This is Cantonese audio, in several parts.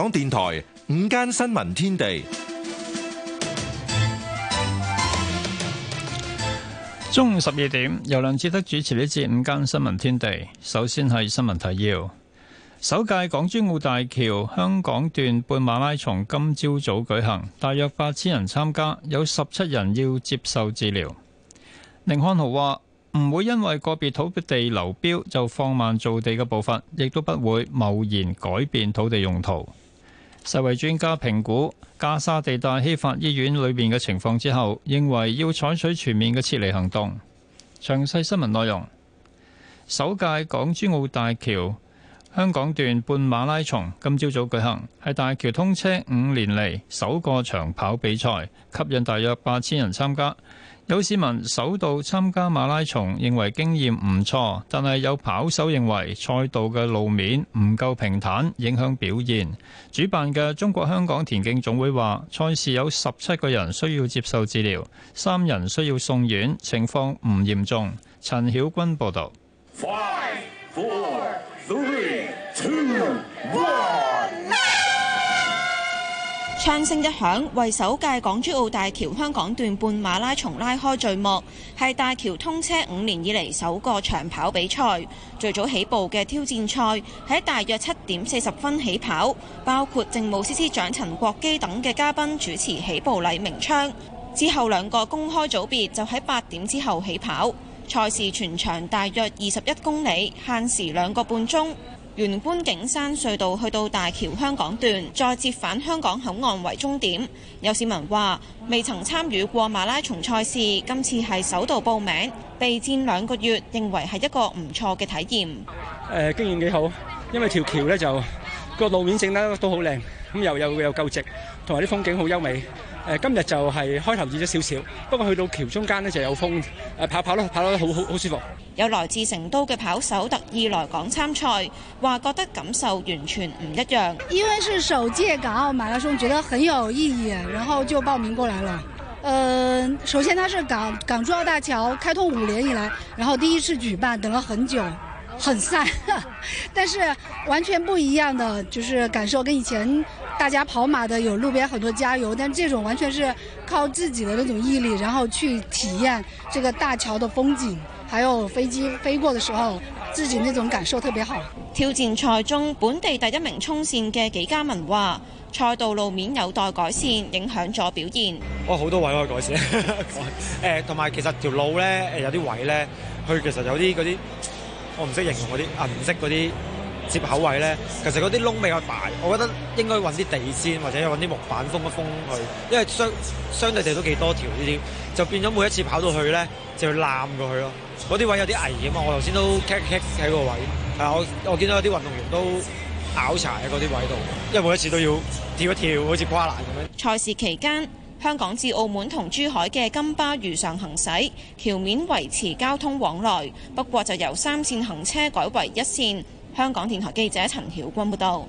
港電台午間新聞天地中午十二點，由梁志德主持呢節午間新聞天地。首先係新聞提要：首屆港珠澳大橋香港段半馬拉松今朝早舉行，大約八千人參加，有十七人要接受治療。寧漢豪話：唔會因為個別土地流標就放慢造地嘅步伐，亦都不會貿然改變土地用途。世衛專家評估加沙地帶希法醫院裏邊嘅情況之後，認為要採取全面嘅撤離行動。詳細新聞內容：首屆港珠澳大橋香港段半馬拉松今朝早舉行，係大橋通車五年嚟首個長跑比賽，吸引大約八千人參加。有市民首度參加馬拉松，認為經驗唔錯，但係有跑手認為賽道嘅路面唔夠平坦，影響表現。主辦嘅中國香港田徑總會話，賽事有十七個人需要接受治療，三人需要送院，情況唔嚴重。陳曉君報導。Five, four, three, two, 槍聲一響，為首屆港珠澳大橋香港段半馬拉松拉開序幕，係大橋通車五年以嚟首個長跑比賽。最早起步嘅挑戰賽喺大約七點四十分起跑，包括政務司司長陳國基等嘅嘉賓主持起步禮鳴槍。之後兩個公開組別就喺八點之後起跑。賽事全長大約二十一公里，限時兩個半鐘。沿觀景山隧道去到大橋香港段，再折返香港口岸為終點。有市民話，未曾參與過馬拉松賽事，今次係首度報名，備戰兩個月，認為係一個唔錯嘅體驗。誒、呃，經驗幾好，因為條橋呢就個路面整得都好靚，咁又又又夠直，同埋啲風景好優美。誒，今日就係開頭熱咗少少，不過去到橋中間呢就有風，誒，跑跑咯，跑得好好好舒服。有來自成都嘅跑手特意來港參賽，話覺得感受完全唔一樣。因為是首屆港澳馬拉松，覺得很有意義，然後就報名過嚟啦。嗯、呃，首先它是港港珠澳大橋開通五年以來，然後第一次舉辦，等了很久，很散，但是完全不一樣的就是感受，跟以前大家跑馬的有路邊很多加油，但這種完全是靠自己的那種毅力，然後去體驗這個大橋的風景，還有飛機飛過的時候，自己那種感受特別好。挑戰賽中本地第一名衝線嘅紀嘉文話，賽道路面有待改善，影響咗表現。哦，好多位可以、啊、改善，誒、 呃，同埋其實條路咧，誒，有啲位咧，佢其實有啲嗰啲。我唔識形容嗰啲銀色嗰啲接口位咧，其實嗰啲窿比較大，我覺得應該揾啲地線或者揾啲木板封一封佢，因為相相對地都幾多條呢啲，就變咗每一次跑到去咧就要攬過去咯。嗰啲位有啲危險啊！我頭先都 kick kick 喺個位，係我我見到有啲運動員都拗柴喺嗰啲位度，因為每一次都要跳一跳，好似跨欄咁樣。賽事期間，香港至澳門同珠海嘅金巴如常行駛，橋面維持交通往來，不過就由三線行車改為一線。香港電台記者陳曉君報導。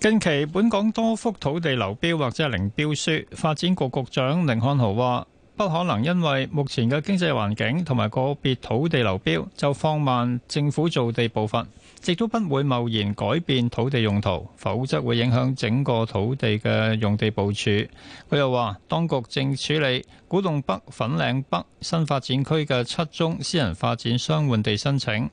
近期本港多幅土地流標或者係零標書，發展局局長甯漢豪話：不可能因為目前嘅經濟環境同埋個別土地流標，就放慢政府造地步伐。直都不會貿然改變土地用途，否則會影響整個土地嘅用地部署。佢又話，當局正處理古洞北、粉嶺北新發展區嘅七宗私人發展商換地申請，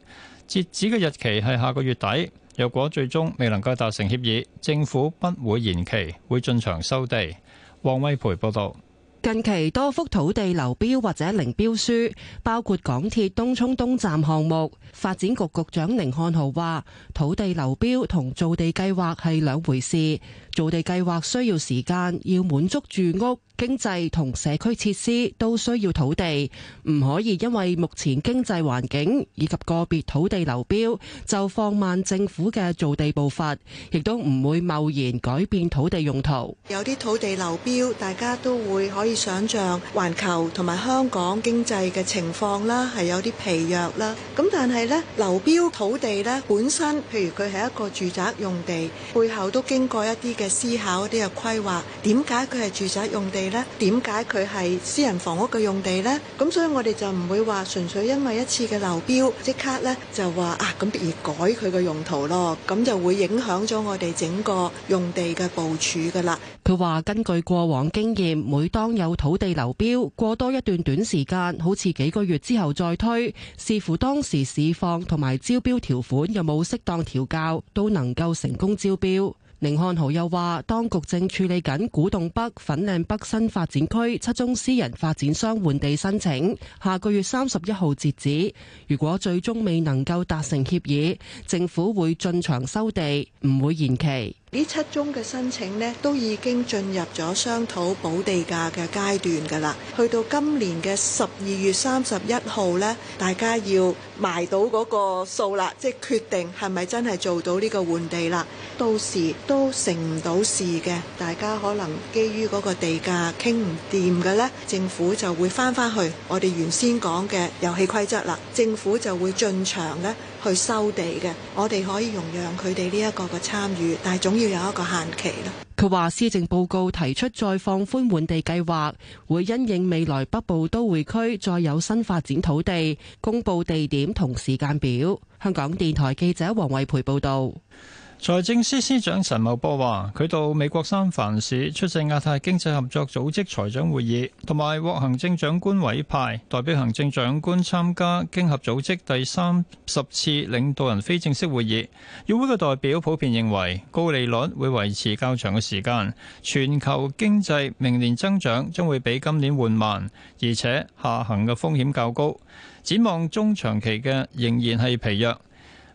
截止嘅日期係下個月底。若果最終未能夠達成協議，政府不會延期，會進場收地。王威培報道。近期多幅土地流標或者零標書，包括港鐵東涌東站項目。發展局局長寧漢豪話：土地流標同造地計劃係兩回事，造地計劃需要時間，要滿足住屋。經濟同社區設施都需要土地，唔可以因為目前經濟環境以及個別土地流標就放慢政府嘅造地步伐，亦都唔會貿然改變土地用途。有啲土地流標，大家都會可以想象環球同埋香港經濟嘅情況啦，係有啲疲弱啦。咁但係咧，流標土地咧本身，譬如佢係一個住宅用地，背後都經過一啲嘅思考、一啲嘅規劃，點解佢係住宅用地？咧，點解佢係私人房屋嘅用地呢？咁所以我哋就唔會話純粹因為一次嘅流標即刻咧就話啊，咁而改佢嘅用途咯，咁就會影響咗我哋整個用地嘅部署噶啦。佢話根據過往經驗，每當有土地流標，過多一段短時間，好似幾個月之後再推，視乎當時市況同埋招標條款有冇適當調校，都能夠成功招標。寧漢豪又話，當局正處理緊古洞北、粉嶺北新發展區七宗私人發展商換地申請，下個月三十一號截止。如果最終未能夠達成協議，政府會進場收地，唔會延期。呢七宗嘅申請呢，都已經進入咗商討補地價嘅階段㗎啦，去到今年嘅十二月三十一號呢，大家要埋到嗰個數啦，即係決定係咪真係做到呢個換地啦？到時都成唔到事嘅，大家可能基於嗰個地價傾唔掂嘅呢，政府就會翻返去我哋原先講嘅遊戲規則啦，政府就會進場呢。去收地嘅，我哋可以容讓佢哋呢一個嘅參與，但係總要有一個限期咯。佢話，施政報告提出再放寬換地計劃，會因應未來北部都會區再有新發展土地，公布地點同時間表。香港電台記者黃慧培報道。財政司司長陳茂波話，佢到美國三藩市出席亞太經濟合作組織財長會議，同埋獲行政長官委派，代表行政長官參加經合組織第三十次領導人非正式會議。與會嘅代表普遍認為，高利率會維持較長嘅時間，全球經濟明年增長將會比今年緩慢，而且下行嘅風險較高。展望中長期嘅仍然係疲弱。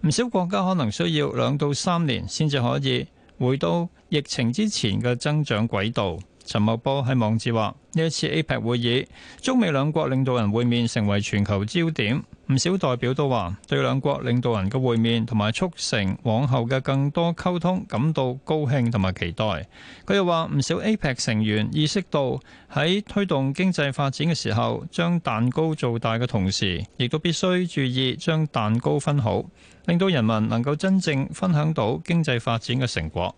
唔少國家可能需要兩到三年先至可以回到疫情之前嘅增長軌道。陳茂波喺網誌話：呢一次 APEC 會議，中美兩國領導人會面成為全球焦點。唔少代表都話對兩國領導人嘅會面同埋促成往後嘅更多溝通感到高興同埋期待。佢又話唔少 APEC 成員意識到喺推動經濟發展嘅時候，將蛋糕做大嘅同時，亦都必須注意將蛋糕分好，令到人民能夠真正分享到經濟發展嘅成果。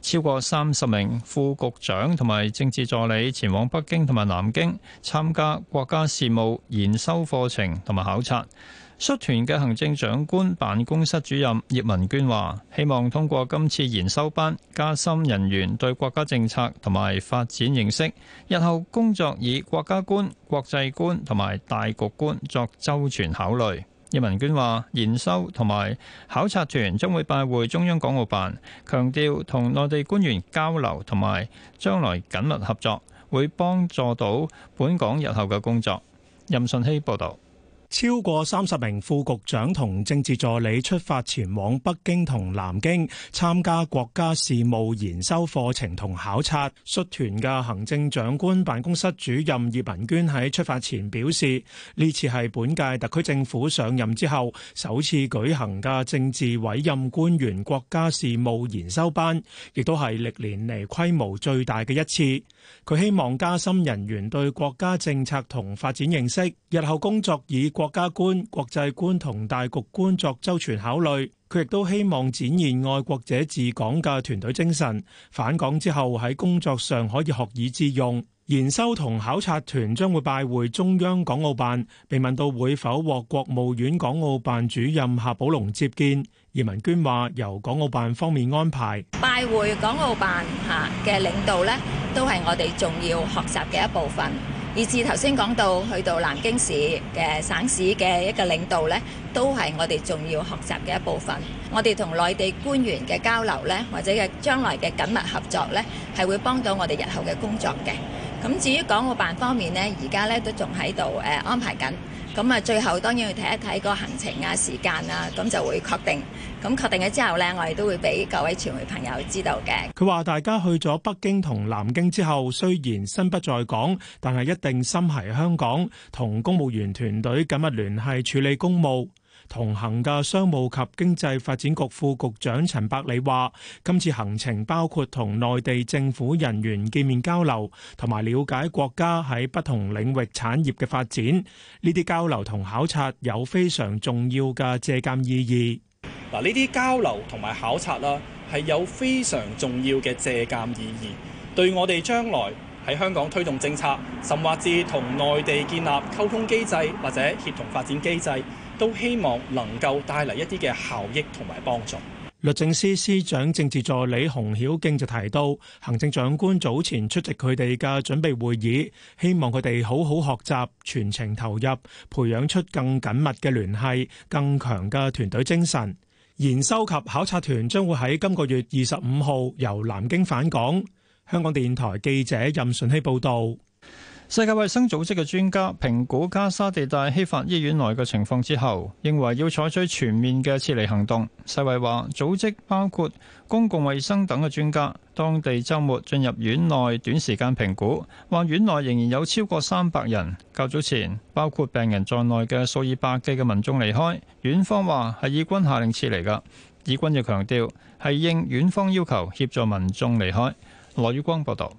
超過三十名副局長同埋政治助理前往北京同埋南京參加國家事務研修課程同埋考察。率團嘅行政長官辦公室主任葉文娟話，希望通過今次研修班，加深人員對國家政策同埋發展認識，日後工作以國家觀、國際觀同埋大局觀作周全考慮。葉文娟話，研修同埋考察團將會拜會中央港澳辦，強調同內地官員交流同埋將來緊密合作，會幫助到本港日後嘅工作。任信希報道。超過三十名副局長同政治助理出發前往北京同南京，參加國家事務研修課程同考察。率團嘅行政長官辦公室主任葉文娟喺出發前表示，呢次係本屆特區政府上任之後首次舉行嘅政治委任官員國家事務研修班，亦都係歷年嚟規模最大嘅一次。佢希望加深人員對國家政策同發展認識，日後工作以國家觀、國際觀同大局觀作周全考慮，佢亦都希望展現愛國者治港嘅團隊精神。返港之後喺工作上可以學以致用。研修同考察團將會拜會中央港澳辦。被問到會否獲國務院港澳辦主任夏寶龍接見，葉文娟話：由港澳辦方面安排拜會港澳辦下嘅領導呢，都係我哋重要學習嘅一部分。以至頭先講到去到南京市嘅省市嘅一個領導呢，都係我哋重要學習嘅一部分。我哋同內地官員嘅交流呢，或者係將來嘅緊密合作呢，係會幫到我哋日後嘅工作嘅。咁至於港澳辦方面呢，而家呢都仲喺度誒安排緊。咁啊，最後當然要睇一睇個行程啊、時間啊，咁就會確定。咁確定咗之後咧，我哋都會俾各位傳媒朋友知道嘅。佢話：大家去咗北京同南京之後，雖然身不在港，但係一定心喺香港，同公務員團隊緊密聯繫處理公務。同行嘅商務及經濟發展局副局長陳百里話，今次行程包括同內地政府人員見面交流，同埋了解國家喺不同領域產業嘅發展。呢啲交流同考察有非常重要嘅借鑒意義。嗱，呢啲交流同埋考察啦，係有非常重要嘅借鑒意義，對我哋將來喺香港推動政策，甚或至同內地建立溝通機制或者協同發展機制。都希望能夠帶嚟一啲嘅效益同埋幫助。律政司司長政治助理洪曉敬就提到，行政長官早前出席佢哋嘅準備會議，希望佢哋好好學習全程投入，培養出更緊密嘅聯繫，更強嘅團隊精神。研修及考察團將會喺今個月二十五號由南京返港。香港電台記者任順希報道。世界衛生組織嘅專家評估加沙地帶希法醫院內嘅情況之後，認為要採取全面嘅撤離行動，世衛話組織包括公共衛生等嘅專家，當地周末進入院內短時間評估，話院內仍然有超過三百人。較早前，包括病人在內嘅數以百計嘅民眾離開，院方話係以軍下令撤離嘅，以軍亦強調係應院方要求協助民眾離開。羅宇光報道。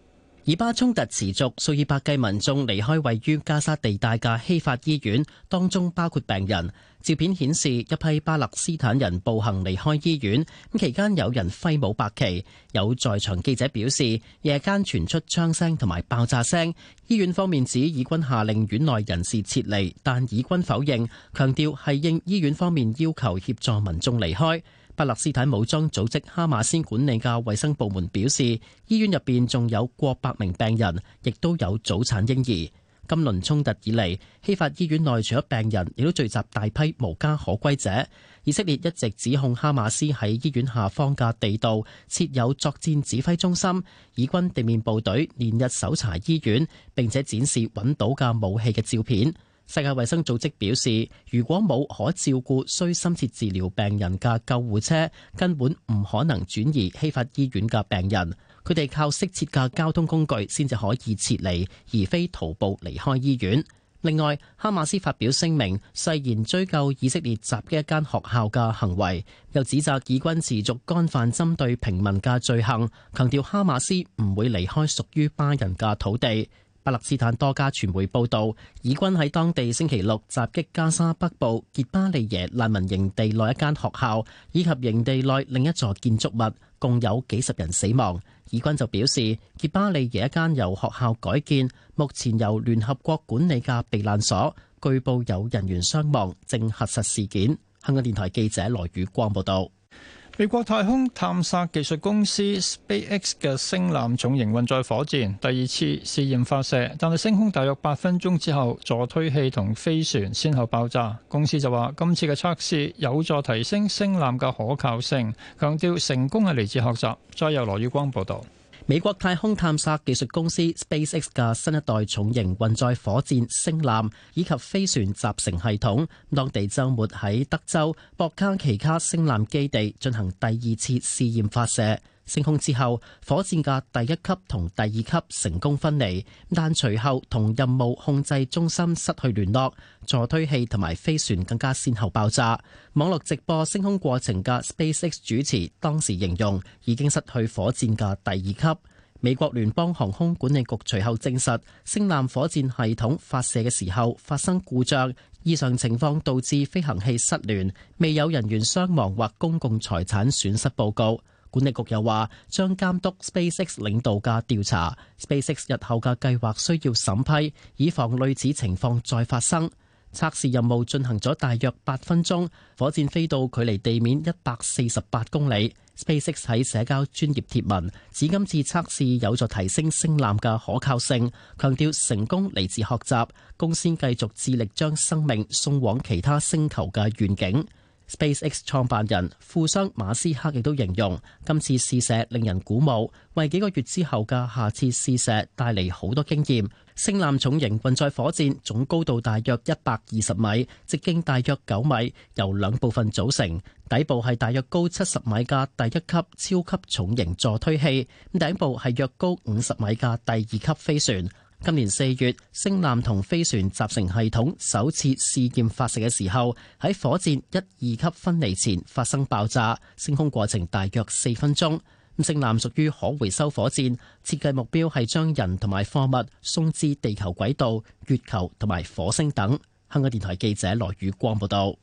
以巴衝突持續，數以百計民眾離開位於加沙地帶嘅希法醫院，當中包括病人。照片顯示一批巴勒斯坦人步行離開醫院，期間有人揮舞白旗。有在場記者表示，夜間傳出槍聲同埋爆炸聲。醫院方面指以軍下令院內人士撤離，但以軍否認，強調係應醫院方面要求協助民眾離開。巴勒斯坦武裝組織哈馬斯管理嘅衛生部門表示，醫院入邊仲有過百名病人，亦都有早產嬰兒。今輪衝突以嚟，希法醫院內除咗病人，亦都聚集大批無家可歸者。以色列一直指控哈馬斯喺醫院下方嘅地道設有作戰指揮中心，以軍地面部隊連日搜查醫院，並且展示揾到嘅武器嘅照片。世界衛生組織表示，如果冇可照顧需深切治療病人嘅救護車，根本唔可能轉移希法醫院嘅病人。佢哋靠適切嘅交通工具先至可以撤離，而非徒步離開醫院。另外，哈馬斯發表聲明，誓言追究以色列襲擊一間學校嘅行為，又指責以軍持續幹犯針對平民嘅罪行，強調哈馬斯唔會離開屬於巴人嘅土地。巴勒斯坦多家傳媒報道，以軍喺當地星期六襲擊加沙北部傑巴利耶難民營地內一間學校，以及營地內另一座建築物，共有幾十人死亡。以軍就表示，傑巴利耶一間由學校改建、目前由聯合國管理嘅避難所，據報有人員傷亡，正核實事件。香港電台記者羅宇光報道。美國太空探索技術公司 SpaceX 嘅星艦重型運載火箭第二次試驗發射，但係升空大約八分鐘之後，助推器同飛船先後爆炸。公司就話今次嘅測試有助提升星艦嘅可靠性，強調成功係嚟自學習。再由羅宇光報道。美國太空探索技術公司 SpaceX 嘅新一代重型運載火箭星艦以及飛船集成系統，當地周末喺德州博卡奇卡星艦基地進行第二次試驗發射。升空之後，火箭嘅第一級同第二級成功分離，但隨後同任務控制中心失去聯絡，助推器同埋飛船更加先後爆炸。網絡直播升空過程嘅 SpaceX 主持當時形容已經失去火箭嘅第二級。美國聯邦航空管理局隨後證實，星艦火箭系統發射嘅時候發生故障，異常情況導致飛行器失聯，未有人員傷亡或公共財產損失報告。管理局又話將監督 SpaceX 領導嘅調查。SpaceX 日後嘅計劃需要審批，以防類似情況再發生。測試任務進行咗大約八分鐘，火箭飛到距離地面一百四十八公里。SpaceX 喺社交專業貼文指今次測試有助提升星艦嘅可靠性，強調成功嚟自學習，公司繼續致力將生命送往其他星球嘅願景。SpaceX 創辦人富商馬斯克亦都形容今次試射令人鼓舞，為幾個月之後嘅下次試射帶嚟好多經驗。星艦重型運載火箭總高度大約一百二十米，直徑大約九米，由兩部分組成。底部係大約高七十米嘅第一級超級重型助推器，咁頂部係約高五十米嘅第二級飛船。今年四月，星艦同飛船集成系統首次試驗發射嘅時候，喺火箭一二級分離前發生爆炸，升空過程大約四分鐘。咁星艦屬於可回收火箭，設計目標係將人同埋貨物送至地球軌道、月球同埋火星等。香港電台記者羅宇光報道。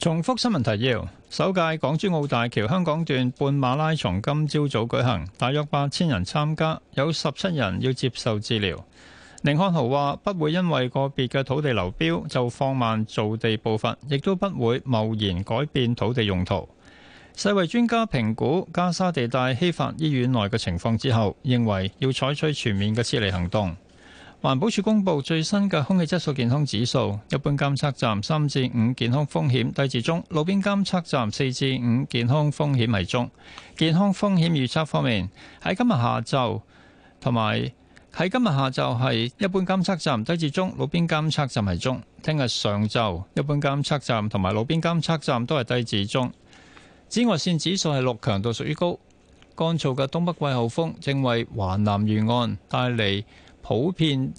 重複新聞提要：首屆港珠澳大橋香港段半馬拉松今朝早，早舉行，大約八千人參加，有十七人要接受治療。寧漢豪話：不會因為個別嘅土地流標就放慢造地步伐，亦都不會貿然改變土地用途。世衛專家評估加沙地帶希法醫院內嘅情況之後，認為要採取全面嘅撤離行動。環保署公布最新嘅空氣質素健康指數，一般監測站三至五健康風險低至中，路邊監測站四至五健康風險係中。健康風險預測方面，喺今日下晝同埋喺今日下晝係一般監測站低至中，路邊監測站係中。聽日上晝一般監測站同埋路邊監測站都係低至中。紫外線指數係六，強度屬於高。乾燥嘅東北季候風正為華南沿岸帶嚟。普遍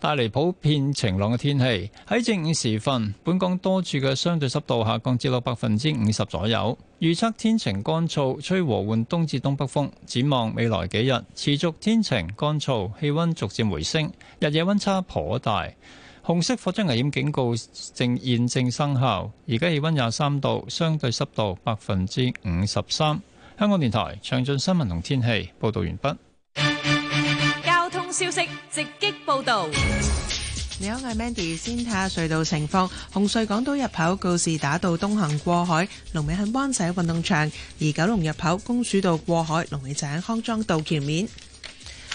帶嚟普遍晴朗嘅天氣。喺正午時分，本港多處嘅相對濕度下降至到百分之五十左右。預測天晴乾燥，吹和緩東至東北風。展望未來幾日持續天晴乾燥，氣温逐漸回升，日夜温差頗大。紅色火災危險警告正現正生效。而家氣温廿三度，相對濕度百分之五十三。香港電台詳盡新聞同天氣報導完畢。消息直擊報道，你好，我係 Mandy，先睇下隧道情況。紅隧港島入口告士打道東行過海，龍尾喺灣仔運動場；而九龍入口公主道過海，龍尾就喺康莊道橋面。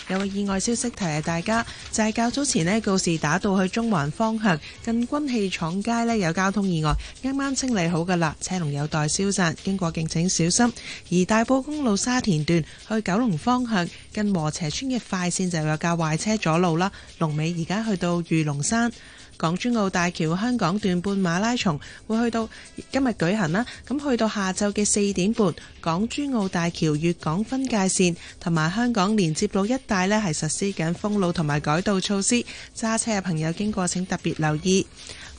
有個意外消息提提大家，就係、是、較早前呢，告示打到去中環方向近軍器廠街呢，有交通意外，啱啱清理好噶啦，車龍有待消散，經過敬請小心。而大埔公路沙田段去九龍方向近禾輋村嘅快線就有架壞車阻路啦，龍尾而家去到御龍山。港珠澳大橋香港段半馬拉松會去到今日舉行啦，咁去到下晝嘅四點半，港珠澳大橋粵港分界線同埋香港連接路一帶呢係實施緊封路同埋改道措施，揸車嘅朋友經過請特別留意。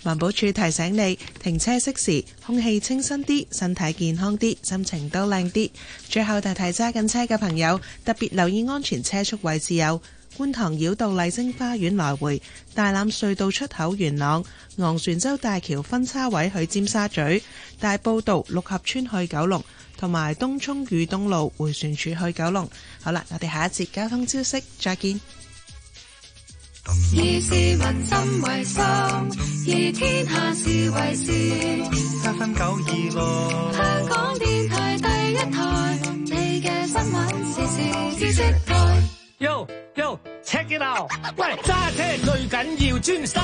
環保署提醒你，停車熄匙，空氣清新啲，身體健康啲，心情都靚啲。最後提提揸緊車嘅朋友，特別留意安全車速位置有。觀塘繞道麗晶花園來回，大欖隧道出口元朗、昂船洲大橋分叉位去尖沙咀、大埔道六合村去九龍，同埋東涌裕東路回旋處去九龍。好啦，我哋下一節交通消息再見。香港電台第一台，你嘅新聞時事知識台。喲喲，check it out，喂，揸車最緊要專心，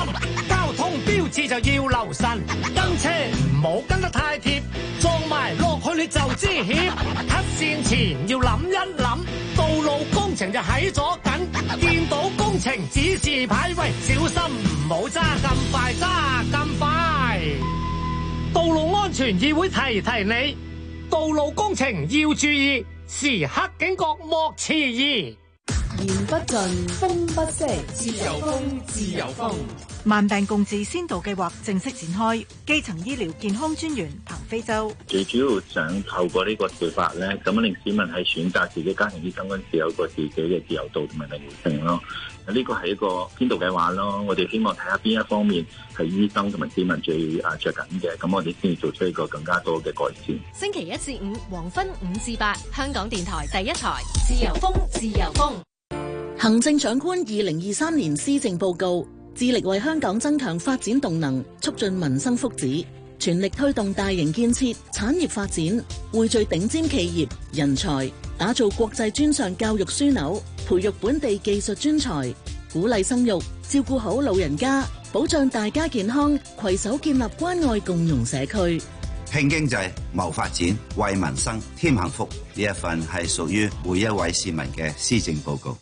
交通標誌就要留神，跟車唔好跟得太貼，撞埋落去你就知險。黑綫前要諗一諗，道路工程就喺左近，見到工程指示牌，喂，小心唔好揸咁快，揸咁快。道路安全議會提提你，道路工程要注意，時刻警覺莫遲疑。言不盡，風不息，自由風，自由風。慢病共治先導計劃正式展開，基層醫療健康專員彭飛洲。最主要想透過呢個做法咧，咁令市民喺選擇自己家庭醫生嗰陣時有個自己嘅自由度同埋靈活性咯。呢、這個係一個先導計劃咯，我哋希望睇下邊一方面係醫生同埋市民最啊着緊嘅，咁我哋先至做出一個更加多嘅改善。星期一至五黃昏五至八，香港電台第一台，自由風，自由風。行政長官二零二三年施政報告，致力為香港增強發展動能，促進民生福祉，全力推動大型建設、產業發展，匯聚頂尖企業人才，打造國際專上教育樞紐，培育本地技術專才，鼓勵生育，照顧好老人家，保障大家健康，攜手建立關愛共融社區，拼經濟、謀發展、為民生添幸福。呢一份係屬於每一位市民嘅施政報告。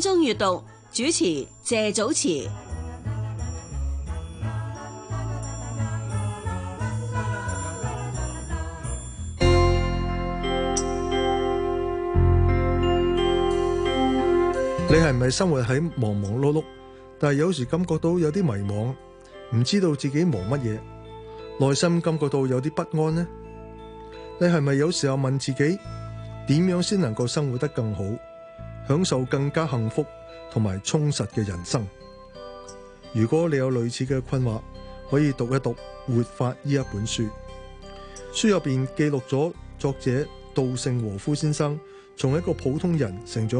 中閱讀主持謝祖慈，你係咪生活喺忙忙碌碌，但係有時感覺到有啲迷茫，唔知道自己忙乜嘢，內心感覺到有啲不安呢？你係咪有時候問自己，點樣先能夠生活得更好？享受更加幸福同埋充實嘅人生。如果你有類似嘅困惑，可以讀一讀《活法》呢一本書。書入邊記錄咗作者稻盛和夫先生從一個普通人成長。